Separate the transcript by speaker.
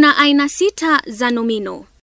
Speaker 1: Kuna aina sita za nomino.